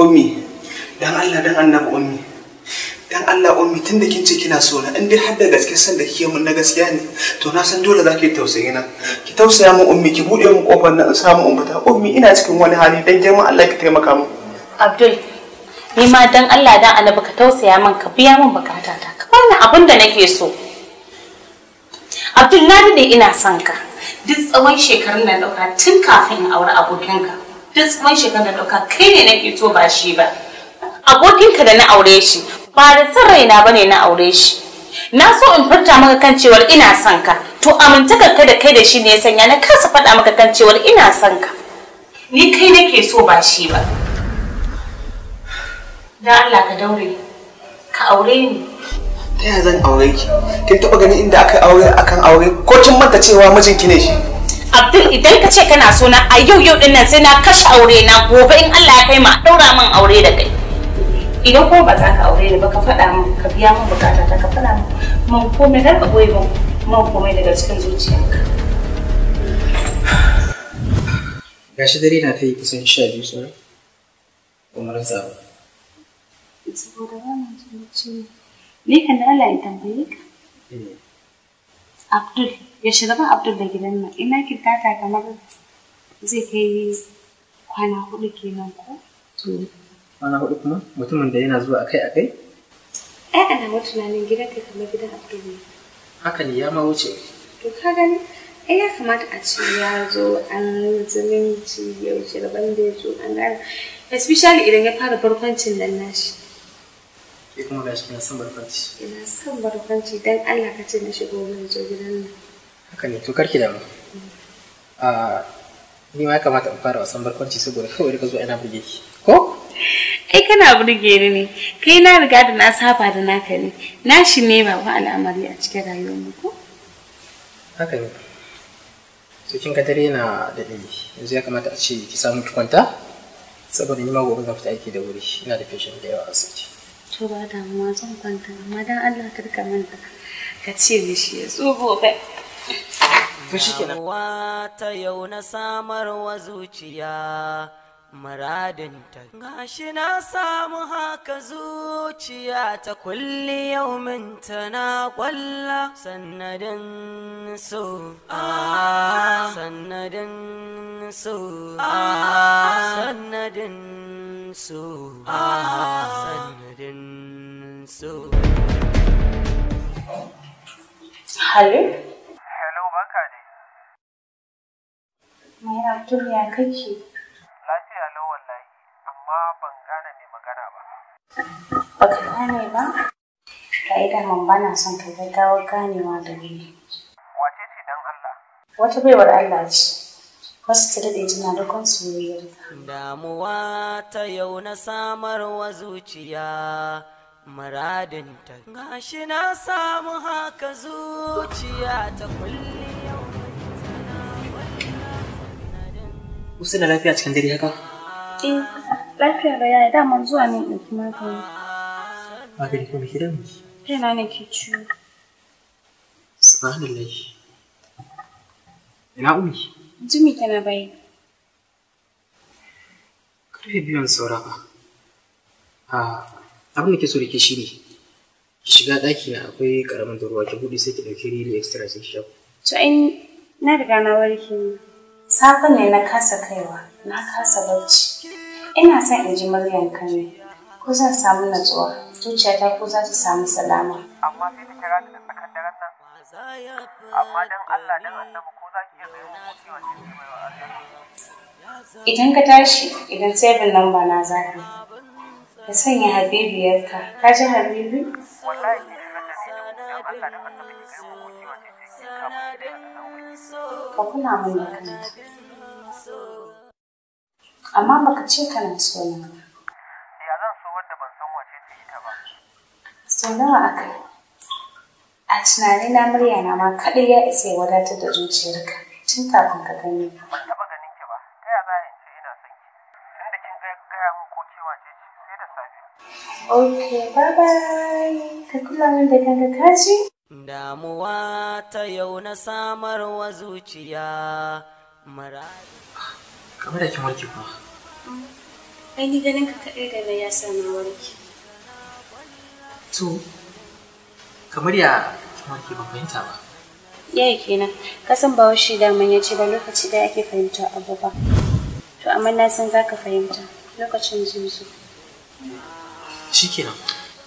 ummi dan Allah dan annabi ummi dan Allah ummi tun da kin ce kina so na in dai har da gaske san da kike mun na gaskiya ne to na san dole za ki tausayi na ki tausaya min ummi ki bude min kofar nan in samu in ummi ina cikin wani hali dan girman Allah ki taimaka min Abdul ni ma dan Allah dan annabi ka tausaya min ka biya min ta ka bani abin da nake so Abdul na da ina son ka duk tsawon shekarun nan dauka tun kafin aure abokinka duk tsawon shekarar ɗauka kai ne nake to ba shi ba abokinka da na aure shi ba da san raina ba ne na aure shi na so in furta maka kan cewar ina son ka to amintaka ka da kai da shi ne ya sanya na kasa faɗa maka kan cewar ina son ka ni kai nake so ba shi ba dan Allah ka daure ka aure ni ta zan aure ki kin taɓa ganin inda aka aure akan aure ko kin manta cewa mijinki ne shi Abdul idan ka ce kana so na a yau yau din nan sai na kashe aure na gobe in Allah ya kai ma daura min aure da kai. Idan ko ba za ka aure ni ba ka faɗa min ka biya min bukata ta ka faɗa min man komai kar ka boye min man komai daga cikin zuciyarka. Gashi dare na ta yi kusan sha biyu sauran. Kuma rasa ba. Saboda wannan zuciya. Ni kan Allah ya tambaye ka. Eh. Abdul. ya shiga abdul da gidan nan ina kirkata kamar zai kai kwana hudu kenan ko to kwana hudu kuma mutumin da yana zuwa akai akai Eh, ana ma tunanin gidan ka kamar gidan abdul ne haka ne ya ma wuce to ka gani ai ya kamata a ce ya zo an zumunci yaushe daban da ya zo an gane especially idan ya fara barkwancin nan nashi ke kuma gashi na son barkwanci ina son barkwanci don Allah ka ce na shigo mai zo gidan nan haka ne to karki damu a ni ma ya kamata in fara wasan barkwanci saboda kawai ka zuwa ina buge ki ko ai kana burge ni ne kai na riga da na saba da naka ne na shi ne ba wa al'amari a cikin rayuwar mu ko haka ne to kin dare na da dai yanzu ya kamata a ce ki samu tukunta saboda ni ma gobe zan fita aiki da wuri ina da fashion da yawa a asibiti to ba damuwa zan kwanta amma dan Allah kar ka manta ka ce mishi ya zo gobe wata yau na samarwa zuciya ta gashi na samu haka zuciya ta kulli yau minta na kwalla sannadin so a sannadin so a sannadin so a sannadin so Hallo? Abdul ya kake? Lafiya lau wallahi, amma ban gane mai magana ba. Ba Baka gane ba? Ka yi daman bana son ka gaggawa ganewa da wuri. Wace ce dan Allah? Wata baiwar Allah ce. Wasu ta daɗe tana da soyayyarka. Damuwa ta yau na samarwa zuciya. Muradinta gashi na samu haka zuciya ta kulliya. kusa da lafiya cikin dare haka eh lafiya da yaya daman zuwa ne in ɗauki magani magani kuma ki damu kaina ne ke ciwo subhanallah ina umi jimi tana bai karfe biyun saura ba a ah, abin da ke so da ke shi ne ki shiga ɗaki na akwai ƙaramin da ruwa ki buɗe sai ki ɗauki rili extra sai ki sha to ai na riga na warke ne Safin ne na kasa kaiwa, na kasa bacci. Ina son in ji muryan ka ne. Ko zan samu natsuwa, zuciyata ko za ta samu salama. Amma sai ta kira ta da tsakar daren Amma dan Allah dan Annabi ko za ki iya kai mu kokewa ce mai wa Allah. Idan ka tashi, idan sabin nan ba na zaka. Ka sanya habibiyarka, ka ji habibi? Wallahi Ka kuna mun Amma baka ce kana so ne. Ya zan so wadda ban san wace ce ita ba. Sau nawa aka yi? A tunani na murya na ma kaɗai ya isa ya wadatar da zuciyarka tun kafin ka gani. Ban taɓa ganin ki ba, ta ya za in ce ina son ki. ɗaya gaya min ko cewa ce ce sai da safe. Ok, bye bye. Ka kula min da kanka kaji? Damuwa ta yau na samarwa zuciya marari. Kamar da kin warke kuma. Mm. Ai ni ganin ka kaɗai da na ya na warke. To, kamar ya kin warke ban fahimta ba. Yaya kenan, kasan ba shi da ya ce ba lokaci da ake fahimta abu ba. To amma na san za ka fahimta lokacin zuzu. zo. Shi kenan.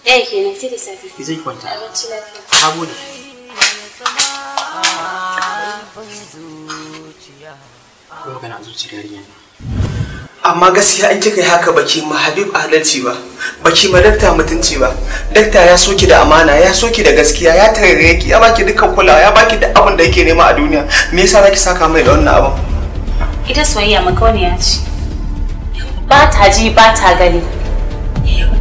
Eh kenan sai da safe. Ki zai kwanta. Abinci lafiya. Na gode. Kuma kana zuci gari Amma gaskiya an kika yi haka baki ma Habib adalci ba, baki ma dakta mutunci ba. Dakta ya soki da amana, ya soki da gaskiya, ya tarare ki, ya baki dukkan kulawa, ya baki da abin da yake nema a duniya. Me yasa zaki saka mai da wannan abin? ita soyayya makauniya ce ba ta ji ba ta gani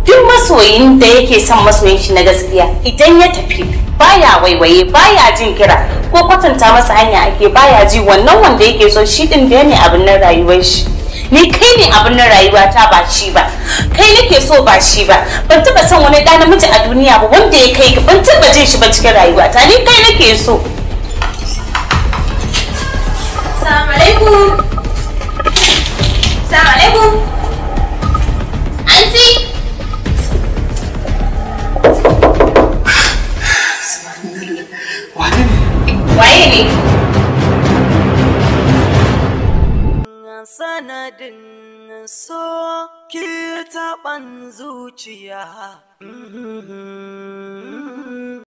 duk masoyin da yake son masoyin shi na gaskiya idan ya tafi baya waiwaye baya jin kira ko kwatanta masa hanya ake baya ji wannan wanda yake so shi din da ne abin na rayuwar shi ni kai ne abin na rayuwa ta ba shi ba kai nake so ba shi ba ban taba son wani da namiji a duniya ba wanda ya kai ban taba jin shi ba cikin rayuwa ta ni kai nake so sanadin so ki taɓan zuciya.